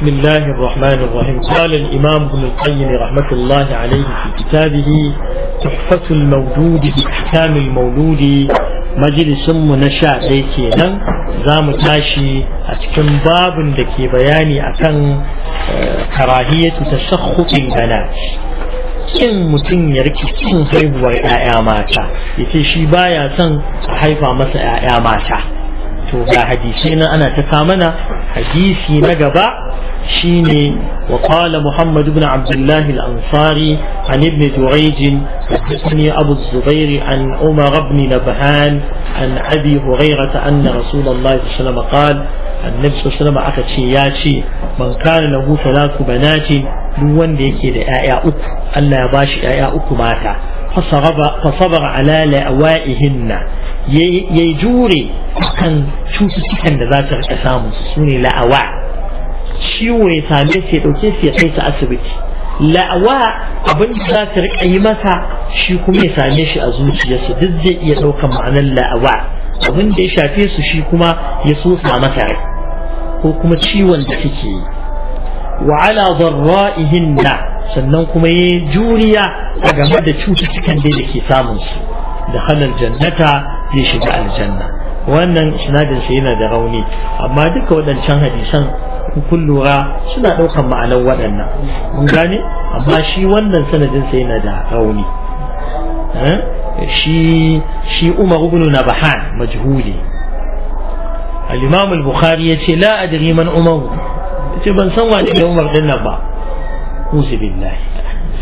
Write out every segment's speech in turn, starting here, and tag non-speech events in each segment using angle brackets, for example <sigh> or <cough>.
بسم الله الرحمن الرحيم قال الإمام ابن القيم رحمة الله عليه في كتابه تحفة المولود بإحكام المولود مجلس منشا ديكينا زام تاشي أتكن باب دكي بياني أكن كراهية تسخط البنات kin mutum ya rike cin haihuwar 'ya'ya mata ya ce shi baya son a haifa masa 'ya'ya mata to ga hadisi nan ana ta mana hadisi na gaba shine wa muhammad ibn abdullahi al-ansari an ibn juwaij hadathani abu zubair an umarabni ibn nabhan an abi hurairah anna rasulullah sallallahu alaihi wasallam annabi sallallahu aka ce ya ce man kana lahu talatu banati duk wanda yake da ƴaƴa uku Allah ya bashi ƴaƴa uku mata fasabara ala lawa'ihinna yayi jure kan cututtukan da za ta rika samu sune la'awa ciwo ya same su ya dauke su ya kai su asibiti la'awa abin da za ta rika yi masa shi kuma ya same shi a zuciyarsa duk zai iya ɗaukan ma'anar la'awa abin da ya shafe su shi kuma ya sosa masa rai ko kuma ciwon da suke yi wa ala na sannan kuma yi juriya a game da cututtukan da ke samun su da halar jannata zai shiga aljanna wannan sinadin sa yana da rauni amma duka waɗancan hadisan kun lura suna ɗaukar ma'anar waɗannan mun gane amma shi wannan sanadin sa yana da rauni eh? shi shi Umar ibn Nabahan majhuli al-imam al-bukhari yace la adri man umaru. yace ban san wani ne umar din nan ba musu billahi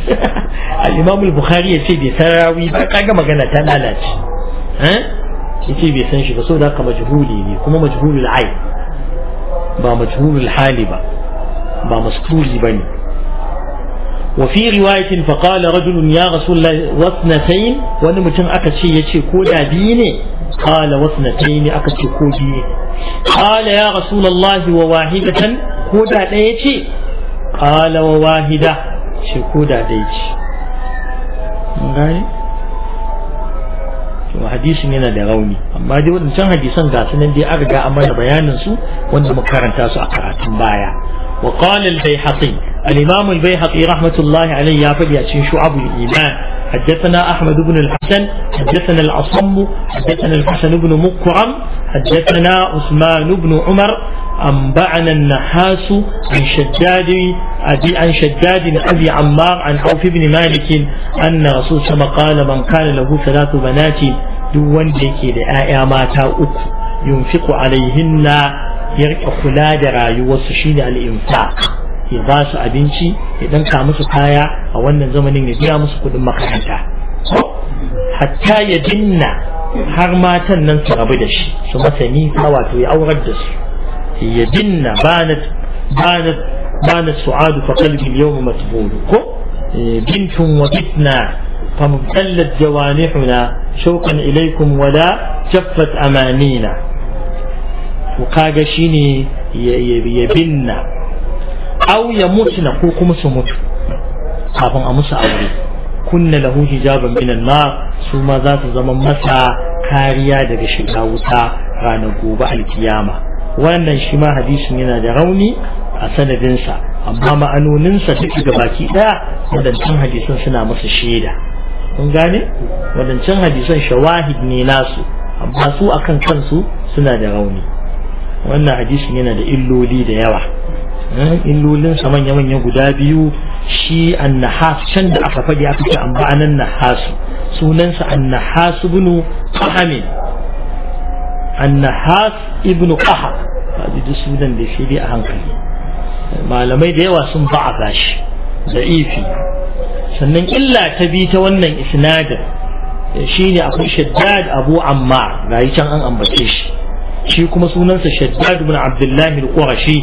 <laughs> al-imam al-bukhari yace bai san rawi ba kaga magana ta lalace eh yace bai san shi ba saboda haka majhuli ne kuma majhulul ayn ba majhulul hali ba ba masturi bane وفي رواية فقال رجل يا رسول الله واثنتين ونمتن أكتشي يتشي كودا بيني قال واثنتين أكتش كوجي قال يا رسول الله وواحدة كودا ديتي قال وواحدة شكودا ديتي gane to hadisin yana da rauni amma dai wadancan hadisan ga su nan dai an riga a mana bayanin su wanda mu karanta su a karatun baya wa qala al-bayhaqi al-imam al-bayhaqi rahmatullahi alayhi ya fadi a cikin shu'abul iman حدثنا أحمد بن الحسن حدثنا العصم حدثنا الحسن بن مقرم حدثنا عثمان بن عمر أنبعنا النحاس عن شداد أبي عن شداد أبي عمار عن عوف بن مالك أن رسول صلى قال من كان له ثلاث بنات دون ذكر آية ماتا أكو ينفق عليهن يرقى خلاد رايوس شين الإنفاق ya ba su abinci ya danka musu kaya a wannan zamanin ya biya musu kudin makaranta hatta ya dinna har matan nan su rabu da shi su masa nisa wato ya aurar da su ya dinna banat banat banat su'ad fa qalbi al-yawm matbul ko bintum wa fitna فمبتلت جوانحنا شوقا إليكم ولا جفت أمانينا وقاقشيني يبنا aw ya na ko kuma su mutu kafin a musu aure kunna lahu hijaban min su ma za su zama masa kariya daga shiga wuta ranar gobe alkiyama wannan shi ma hadisin yana da rauni a sanadinsa amma ma'anoninsa duk da baki daya wadancan hadisan suna masa shaida kun gane wadancan hadisan shawahid ne nasu amma su akan kansu suna da rauni wannan hadisin yana da illoli da yawa Eh, illolinsa manya-manya guda biyu shi annahas can da aka faɗi aka ce an ba'anan nahasu sunansa annahas ibnu qahamin annahas ibnu qaha kaji duk sunan da shi dai a hankali malamai da yawa sun ba'a gashi, da ifi sannan illa ta bi ta wannan isnadin eh, shine akwai shaddad abu amma ga can an ambace shi shi kuma sunansa shaddad ibn abdullahi al-qurashi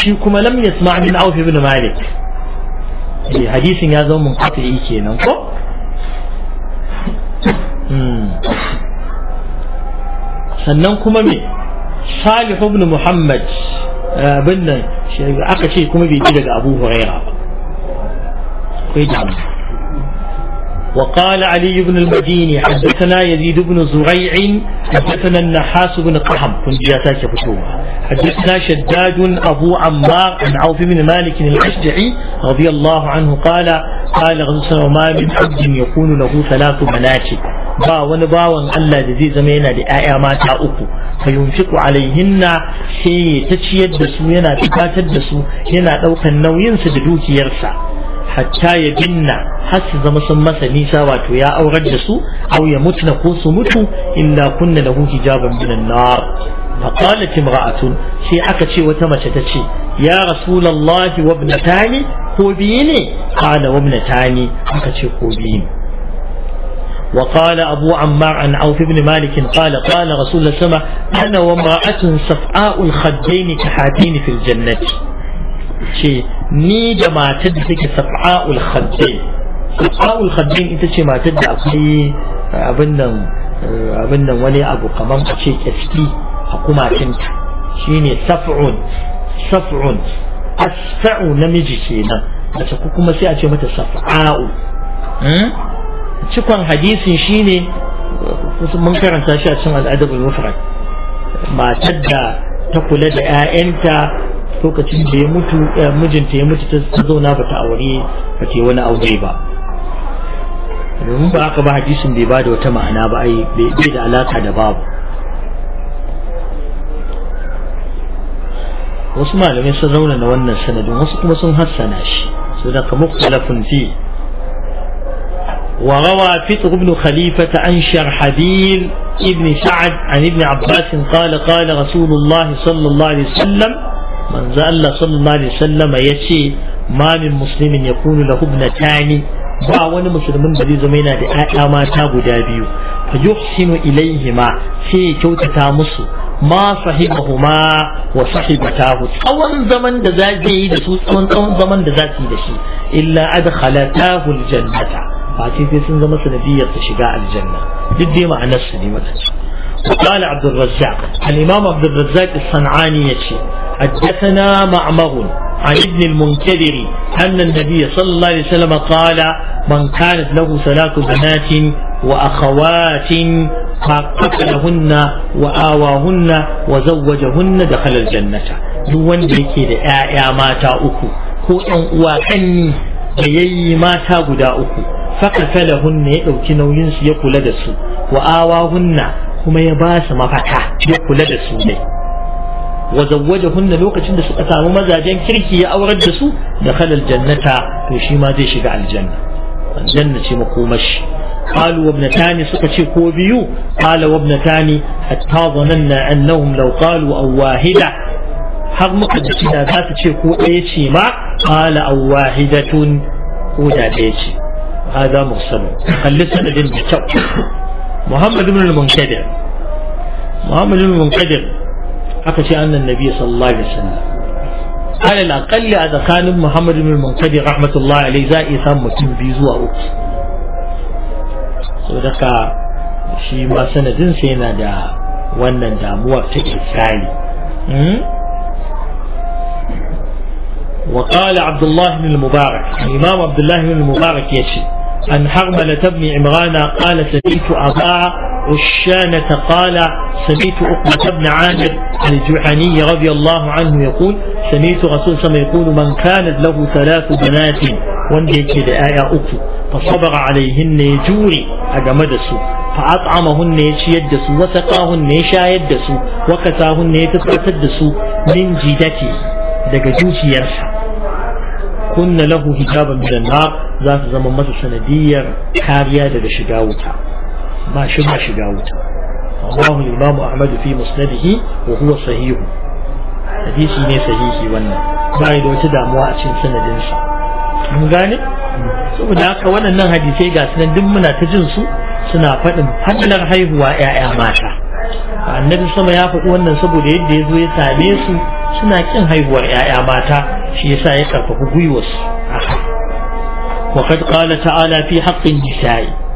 shi kuma lam yasma' min auf ibn malik eh hadisin ya zama mun munqati kenan ko hmm. sannan kuma me salih ibn muhammad eh, abin nan shi aka ce kuma bai ji daga abu huraira ba akwai damu وقال علي بن المديني حدثنا يزيد بن زريع حدثنا النحاس بن قحم كنت جاتاك حدثنا شداد ابو عمار عن عوف بن مالك الاشجعي رضي الله عنه قال قال غزوة وما من حج يكون له ثلاث مناشد با ونبا ون الا جزي زمينا لآية ما تاؤكو فينفق عليهن حي تشيد دسو ينا تكاتد دسو ينا دوك النوين سجدوك يرسى hatta ya dinna har su zama sun masa nisa wato ya aurar da su au ya mutu na ko su mutu illa kunna lahu hijaban min an-nar fa qalat imra'atun sai aka ce wata mace ta ce ya rasulullahi wa ibnatani ko biye ne qala wa ibnatani aka ce ko biye ne wa qala abu an auf ibn malik qala qala rasulullahi sama ana wa imra'atun safa'ul khaddain tahadin fil jannati ce ni da matar da take sab'a'ul khaddai sab'a'ul khaddai ita ce matar da akwai eh, abin nan eh, abin nan wani abu kaman a ce kyaski a kumatinta saf'un saf'un asfa'u namiji kenan mace ku kuma sai a ce mata saf'a'u hmm? cikon hadisin shine mun karanta shi a cikin al'adabul mufrad matar da ta kula da 'ya'yanta lokacin da ya mutu mijinta ya mutu ta zauna ba ta aure ba ta wani aure ba domin ba aka ba hadisin bai bada wata ma'ana ba ai bai da alaka da babu wasu malamai sun zauna raunana wannan sanadin wasu kuma sun hassana shi su da ka mukhtalafun fi وروى فتر بن خليفة عن شرحبيل ابن سعد عن ابن عباس قال قال رسول الله صلى الله عليه وسلم manzo Allah sallallahu alaihi wasallama yace ma min muslimin yakunu lahu ibnatani ba wani musulmin ba zai zama yana da ƴaƴa mata guda biyu fa yuhsinu ilaihima sai ya kyautata musu ma sahibahuma wa sahibatahu tsawon zaman da za zai yi da su tsawon tsawon zaman da za su yi da shi illa adkhalatahu aljannata ba ce sai sun zama sanadiyar ta shiga aljanna duk dai ma'anar su ne mata قال عبد الرزاق الإمام عبد الرزاق الصنعاني يشي حدثنا معمر عن ابن المنكدر أن النبي صلى الله عليه وسلم قال من كانت له ثلاث بنات وأخوات فقتلهن وآواهن وزوجهن دخل الجنة دون ذكر آية ماتا أكو كو أن وأني بيي ماتا قدا أكو فقتلهن يدوك نوينس يقول لدسو وآواهن كما يباس مفتا يقول لدسو ليه وزوجهن لوقت عند سقطها وما زادين كركي أو ردسوا دخل الجنة وشي ما ديش على الجنة الجنة مقومش قالوا وابن ثاني سقطي قوبيو قال وابن ثاني حتى ظننا أنهم لو قالوا أو واحدة حق مقدسي لا ذات شي ما قال أو واحدة ودا ديشي هذا مغسل خلصنا لدين محمد بن المنكدر محمد بن المنكدر أكشي أن النبي صلى الله عليه وسلم على الأقل هذا كان محمد بن المنقذ رحمة الله عليه زائي ثم تنبيزوا أوكي سودك shi ma sanadin sai yana da wannan damuwar ta irsali وقال عبد الله بن المبارك الإمام عبد الله بن المبارك يشي أن حرملة بن عمران قال سمعت أبا عشانة قال سميت أقمة بن عامر الجحني رضي الله عنه يقول سميت رسول صلى الله عليه وسلم يقول من كانت له ثلاث بنات وانديك لآية أكو فصبر عليهن يجوري أجمد فأطعمهن يشيدسو دسو وسقاهن يشاهد وكساهن يتفرتد من جدتي دقا جوشي يرسى كن له هجابا من النار ذات زمن مسا سندية كاريادة بشجاوتها ba shi shiga wuta rawahu al-imam ahmad fi musnadihi wa huwa sahih hadisi ne sahihi wannan bai da wata damuwa a cikin sanadin sa mun gane saboda haka waɗannan hadisai ga sunan duk muna ta jin su suna faɗin fadlar haihuwa ƴaƴa mata annabi sama ya faɗi wannan saboda yadda ya zo ya same su suna ƙin haihuwar ƴaƴa mata shi yasa ya karfafa gwiwarsu su haka وقد قال تعالى في حق النساء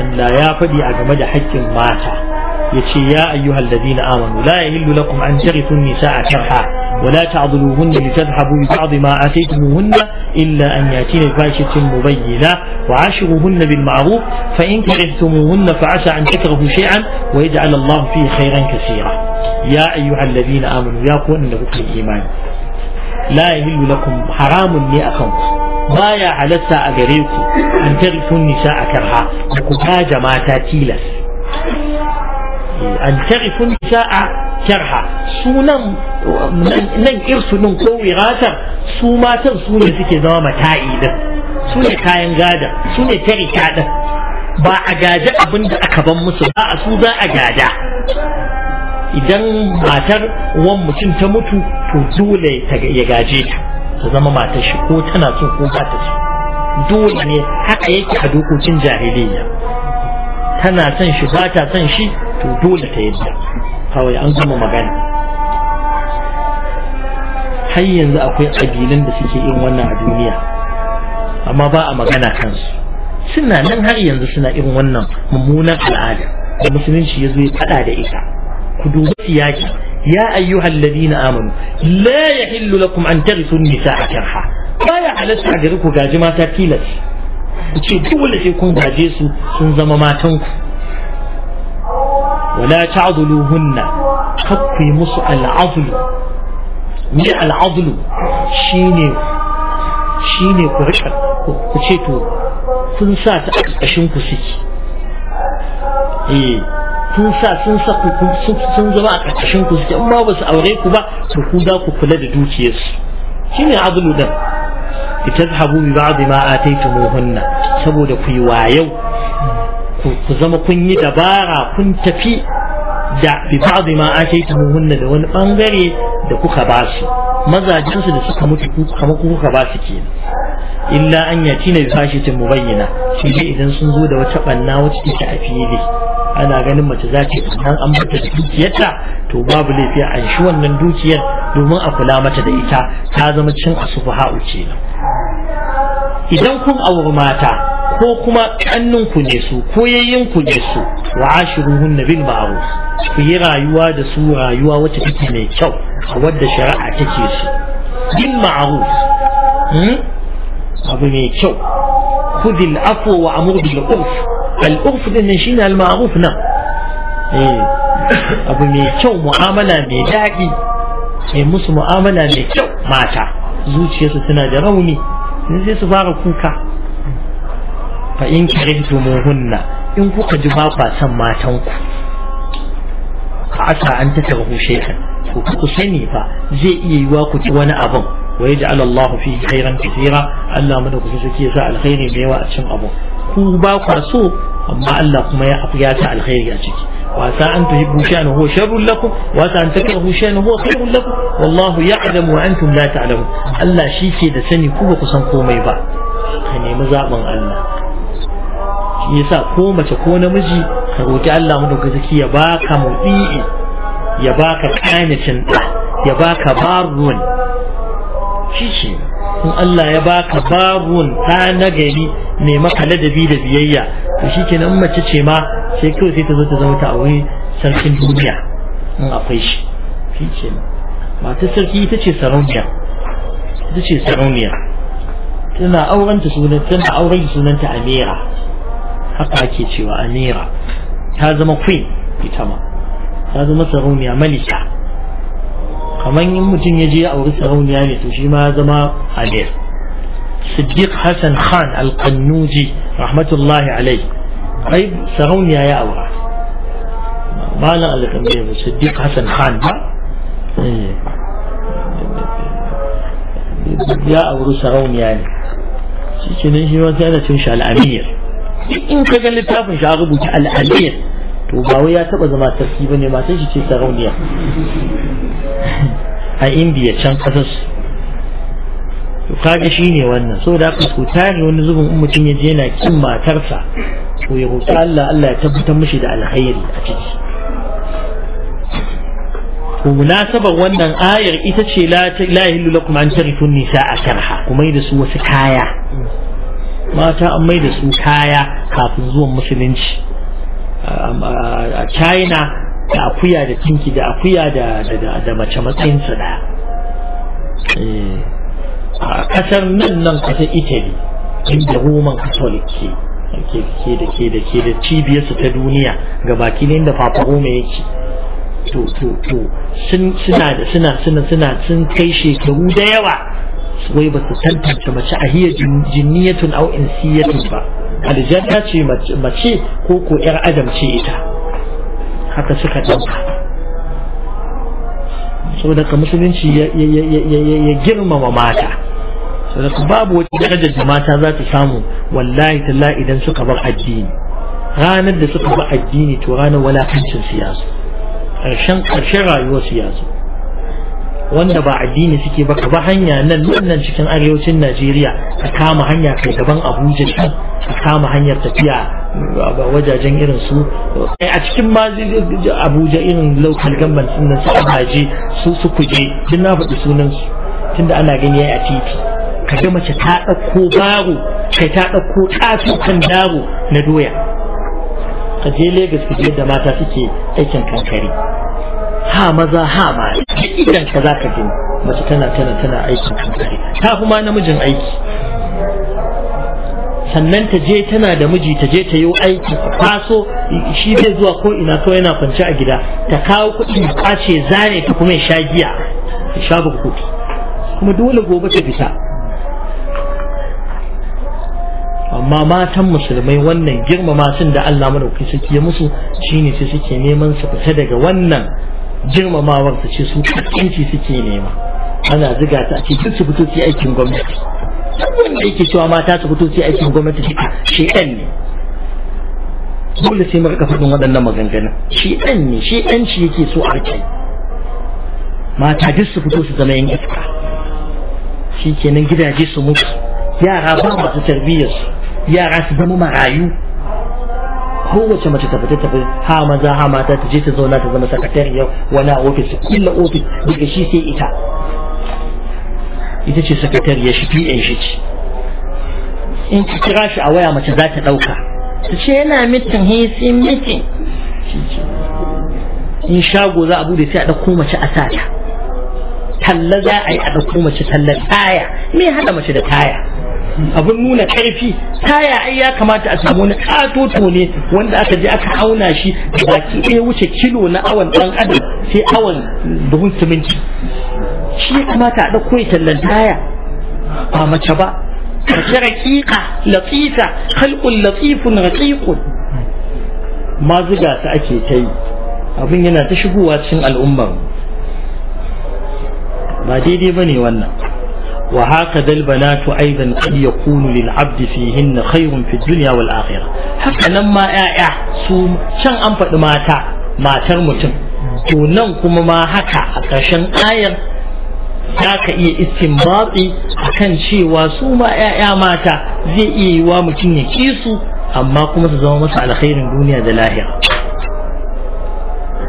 أن لا faɗi أجمد حج ماتا يتشي يا أيها الذين آمنوا لا يهل لكم أن yahillu النساء شرحا ولا تعضلوهن لتذهبوا ببعض ما آتيتموهن إلا أن يأتين فاشة مبينة وعاشروهن بالمعروف فإن كرهتموهن فعسى أن تكرهوا شيئا ويجعل الله فيه خيرا كثيرا يا أيها الذين آمنوا يا قوة لكم إيمان لا يهل لكم حرام لأخوكم baya halatta a gare ku an tarifun nisa a karha da ku kaja mata tilas eh, an tarifun nisa a karha sunan nan irsu din ko wiratar su matan su ne suke zama mata'i din su ne kayan gada su ne tarika din ba a gaji abin da aka ban musu ba a su za a gada idan matar wan mutum ta mutu to dole ya gaje ta ta zama matar shi ko tana son, ko ba ta so dole ne haka yake a dokokin jahiliyya tana son shi ba ta son shi to dole ta yadda kawai an gama magana har yanzu akwai ƙabilun da suke irin wannan a duniya amma ba a magana kansu suna nan har yanzu suna irin wannan mummunan al'ada da musulunci ya zo ya faɗa da ita ku dubi siyaki يا أيها الذين آمنوا لا يحل لكم أن ترثوا النساء كرحا ما يحلس عجركو كاجما تاكيلس تقول لك يكون كاجيسو سنزم ما تنكو ولا تعضلوهن كقي مص العضل مي العضل شيني شيني كرشا تشيتو سنسات أشنكو سيكي إيه sun sa sun sa ku sun zama a ƙarƙashin ku suke in ma ba su aure ku ba to ku za ku kula da dukiyarsu shi shine azumi dan Habu bi ba'd ma ataytumuhunna saboda ku yi wayau ku zama kun yi dabara kun tafi da bi ba'd ma ataytumuhunna da wani bangare da kuka ba su mazajensu da suka mutu kuma kuka ba su kenan illa an yaci na bi fashitin mubayyana shi dai idan sun zo da wata banna wata take a fili ana ganin mace za ce nan an mata da dukiyarta to babu laifi a shi wannan dukiyar domin a kula mata da ita ta zama cin asufu ha'u ce idan kun auri mata ko kuma ƙanninku ne su ko ku ne su wa ashiruhun na ma'ruf ku yi rayuwa da su rayuwa wacce take mai kyau a wadda shari'a take su bil ma'ruf hmm? abu mai kyau khudil afwa wa amur bil urf al'urf din nan shine al-ma'ruf nan eh, abu mai kyau mu'amala mai daɗi ke musu mu'amala mai kyau mata zuciyarsu suna da rauni sun sai su fara kuka fa in karihtumuhunna in kuka ji ba kwa son matan ku asa an tatarhu shaykhan ko ku sani ba zai iya yiwa ku ci wani abin wa yaj'al Allahu fihi khairan kathira Allah mana sarki ya sa alkhairi da yawa a cikin abu ku ba ku so amma Allah kuma ya ya ta alkhairi a ciki wasa an tuhibbu sha'an huwa sharrun lakum wasa an takrahu sha'an huwa khairun lakum wallahu ya'lamu wa antum la ta'lamun Allah shi ke da sani ku ba ku san komai ba ka nemi zaben Allah shi yasa ko mace ko namiji ka roki Allah mu dauka zaki ya baka mutii ya baka kanacin da ya baka barun shi ce in Allah ya baka babun ɗa na gari mai maka ladabi da biyayya to shi kenan mace ce ma sai kawai sai ta zo ta zama ta aure sarkin duniya in akwai shi shi kenan matar sarki ita ce sarauniya ita ce sarauniya tana auren ta sunan tana auren sunan ta Amira haka ake cewa Amira ta zama queen ita ma ta zama sarauniya malika kamar in mutum ya je a wurin sarauniya ne to shi ma zama amir siddiq hassan khan al-qannuji rahmatullahi alai ai sarauniya ya aura malam alƙannuji siddiq hassan khan ba ya auri sarauniya ne shi ke nan shi wata yana cin shi al'amir in ka ga littafin shi a rubuta al'amir to ba wai ya taba zama ba ne matan shi ce sarauniya <laughs> a indiya can kasar to kaga ne wannan da haka ku tare wani zubin mutum ya je yana kin matarsa to ya roƙi Allah Allah ya tabbatar mishi da alkhairi a ciki to munasabar wannan ayar ita ce la ilaha lakum an tarifun a karha kuma da su wasu kaya mata an mai da su kaya kafin zuwan musulunci Um, a china da akuya da tinki da akuya da mace matsayinsu ɗaya eh, a kasar nan nan kasar italy inda roman catholic ke ke da ke da ke da cibiyarsu ta duniya ga baki ne inda papa roma yake to to to sun suna da suna suna suna sun kai shekaru da yawa wai ba su tantance mace a hiyar jinniyatun au'in siyatun ba aljanna ce mace ko ko yar adam ce ita haka suka ɗauka saboda musulunci ya girmama mata saboda babu wata darajar da mata za ta samu wallahi talla idan suka bar addini ranar da suka bar addini to ranar kancin siyasa ƙarshen ƙarshen rayuwar siyasa wanda ba addini suke ba ka ba hanya nan nan cikin arewacin Najeriya ka kama hanya kai gaban Abuja ka kama hanyar tafiya wajajen irin su eh, a cikin ma Abuja irin local government din nan su Abaje su su kuje din na faɗi sunan su tunda ana gani yayi a titi ka ga mace ta ɗauko baro kai ta ɗauko ƙato kan daro na doya ka je Lagos ka je da mata suke aikin kankare ha maza ha ma idan ka za ka gani mace tana tana tana aiki ta fi ma namijin aiki sannan ta je tana da miji ta je ta yi aiki kwaso shi zai zuwa ko ina kawai yana kwance a gida ta kawo kuɗi ta kwace zane ta kuma ya sha giya ta sha bukukuki kuma dole gobe ta fita amma matan musulmai wannan girmama sun da Allah madaukakin sarki ya musu shine sai suke neman su fita daga wannan girmamawar ta ce su kaskanci suke nema ana ziga ta a ce duk su fito su aikin gwamnati wanda yake cewa mata su fito su aikin gwamnati duka shedan ne dole sai mu rika faɗin waɗannan maganganun shedan ne shi shi yake so a kai mata duk su fito su zama yan iska Shi kenan gidaje su mutu yara ba masu tarbiyyar su yara su zama marayu kowace mace ta fita ta ha maza ha mata ta je ta zauna ta zama sakatariyar wani ofis killa ofis daga shi sai ita ita ce sakatariyar shi pn shi ce in ki kira shi a waya mace za ta ɗauka ta ce yana mitin hisi in mitin in shago za a bude sai a ɗauko mace a sata talla za a yi a ɗauko mace talla taya me hada mace da taya abin nuna karfi taya ai ya kamata a samu na katoto ne wanda aka je aka auna shi baki ɗaya wuce kilo na awan ɗan adam sai awan buhun siminti shi ya kamata a ɗauko ya tallan taya ba mace ba mace raƙiƙa latifa khalqul latifun raqiqun ma zuga ta ake ta yi abin yana ta shigowa cikin al'ummar ba daidai bane wannan وهكذا البنات أيضا قد يكون للعبد فيهن خير في الدنيا والآخرة حتى لما أعه سوم شان أنفق ماتا ما ترمتم توننكم ما حكى أكشن آير za ka iya istinbatsi a kan cewa su ma 'ya'ya mata zai iya yi wa mutum ya ki su amma kuma su zama masa alkhairin duniya da lahira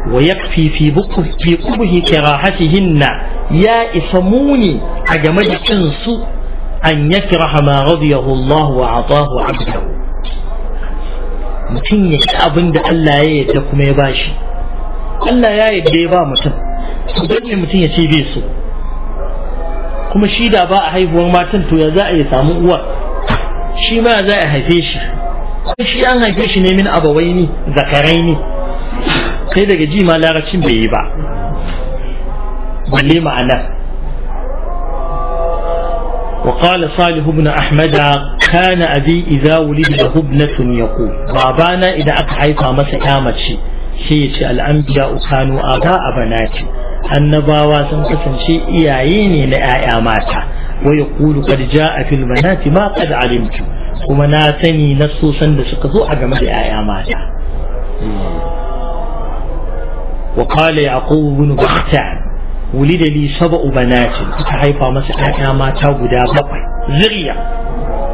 ويكفي في بقه في قبه كراهتهن يا إسموني أجمد إنس أن يكره ما رضيه الله وعطاه عبده mutum ya ci abin Allah ya yadda kuma ya bashi Allah ya yadda ya ba mutum don ne mutum ya ce bai so kuma shi da ba a haihuwar matan to ya za a yi samu uwar shi ma za a haife shi shi an haife shi ne min abawai ni zakarai ne kai daga ji ma larabcin bai yi ba balle ma'ana wa qala salih ibn ahmad kana abi idza wulida da hubnatun yaqul babana idan aka haifa masa ya mace shi ya ce al'anbiya a aba abanati annabawa sun kasance iyaye ne na ya'ya mata wa yaqulu qad ja'a fil banati ma qad alimtu kuma na sani na so da suka zo a game da ya'ya mata وقال يعقوب بن بختان ولد لي سبع بنات فحيفا مسحتها ما تابدا بقي زرية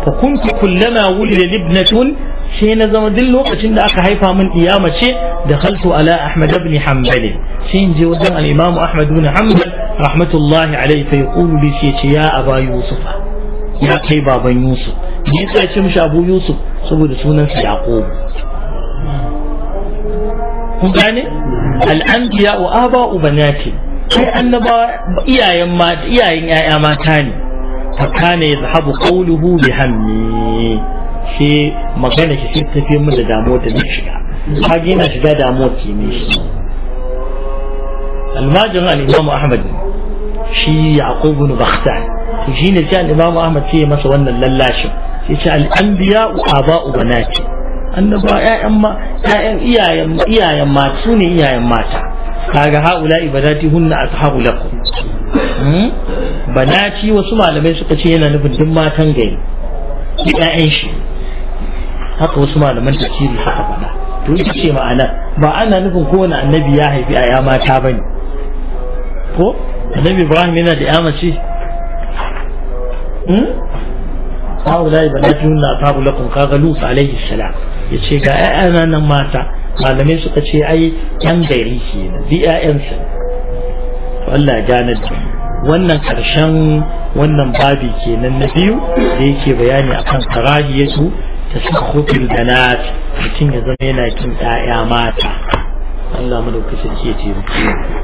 فكنت كلما ولد لي ابنة sai na zama duk lokacin da aka haifa min iyama ce da khaltu ala ahmad ibn hanbal sai in je wajen al-imam ahmad ibn hanbal rahmatullahi alayhi fa yaqulu li shi ya aba yusuf ya kai baban yusuf me yasa ce mishi yusuf saboda sunan sa yaqub kun al'anbiya wa aba ubanati kai annaba iyayen mata iyayen yaya mata ne fa kana yadhhabu qawluhu bi hammi shi magana shi sai tafi mu da damuwa da shiga kaga yana shiga damuwa ke ne shi almajin al-imam ahmad shi yaqub ibn bakhtan shi ne sai al-imam ahmad sai masa wannan lallashin sai ce al-anbiya wa aba ubanati annaba ƴaƴan ma ƴaƴan iyayen iyayen mata sune iyayen mata kaga haula ibadati hunna ashabu lakum hmm? banati wasu malamai suka ce yana nufin duk matan gari ƴaƴan shi haka wasu malaman tafsiri haka faɗa to ita ce ma'ana ba ana nufin kowane annabi ya haifi ƴaƴa mata bane ko annabi Ibrahim yana da ƴa mace hmm? haula ibanatihunna atabu lakum kaga lut alaihi salam yace ga ƴaƴana nan mata malamai suka ce ai yan gari kenan bi ƴaƴansu Allah janar wannan karshen wannan babi kenan na biyu da yake bayani akan karahiyatu ta suka hutun ganat mutum ya zama yana kin ƴaƴa mata Allah mu da kusa ke taimake